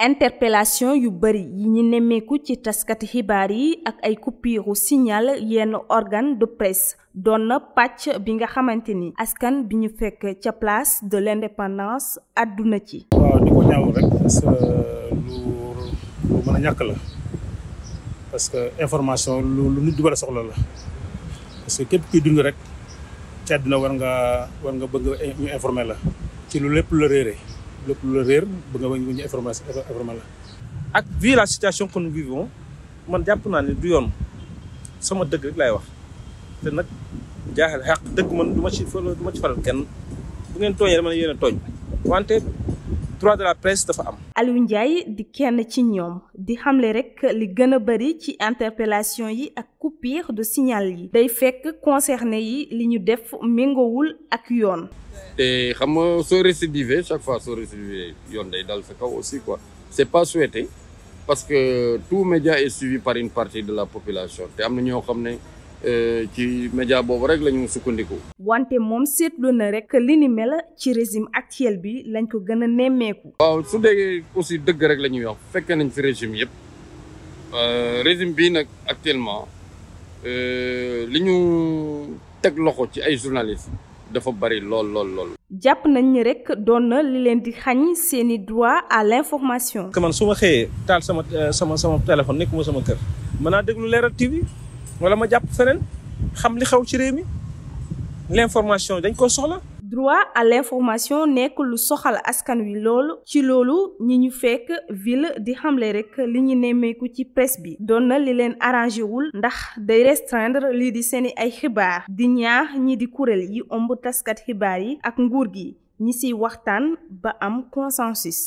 interpellation yu bari yi ñu nemmeeku ci taskati xibaar yi ak ay coupure signal yenn organ de presse doon na pàcc bi nga xamante ni askan bi ñu fekk ca place de l'indépendance àdduna ci. waaw di ko ñaaw la parce que information lu lu nit di war soxla la parce képp kuy dund rek. sedd na war nga war nga bëgg ñu informer la ci lu lépp la réeré lépp lu la réer bëgg nga ñu informer informer la. ak vu la situation que nous vivons man jàpp naa ne du yoon sama dëgg rek laay wax te nag jaaxal xaq dëgg man du ci faral kenn bu ngeen tooñee dama ne a tooñ wante. droit de la presse dafa am. Aliou Ndiaye di kenn ci ñoom di xamle rekk li gën a bari ci interpellation yi ak pire de signal yi day fekk concerné yi li ñu def méngowul ak yoon. te xam nga soo récidivé chaque fois soo récidivé yoon day dal sa kaw aussi quoi c'est pas souhaité parce que tout média est suivi par une partie de la population te am na ñoo xam ne. Euh, ci média boobu rek la ñu sukkandiku. wante moom seetlu na rek li ni mel ci régime actuel bi lañ ko gën a nemmeeku. waaw su dee aussi dëgg rek la ñuy wax fekkee nañ si régime yëpp euh, régime bii nag actuellement. Euh, li ñu teg loxo ci ay journaliste dafa bari lool lool lool. jàpp nañ ni rek doon na li leen di xañ seeni droit à l'information. que man su ma xëyee taal sama euh, sama sama téléphone nekkuma sama kër mën déglu Leral TV wala ma jàpp feneen xam li xew ci réew mi l'information dañ ko soxla. droit à l'information nekk lu soxal askan wi loolu ci loolu ñi ñu fekk ville di xamle rek li nemmeeku ci presse bi doon na li leen arrangé wul ndax day restreindre lii di seeni ay xibaar di ñaax ñi di kureel yi omb taskat xibaar yi ak nguur gi ñi ciy waxtaan ba am consensus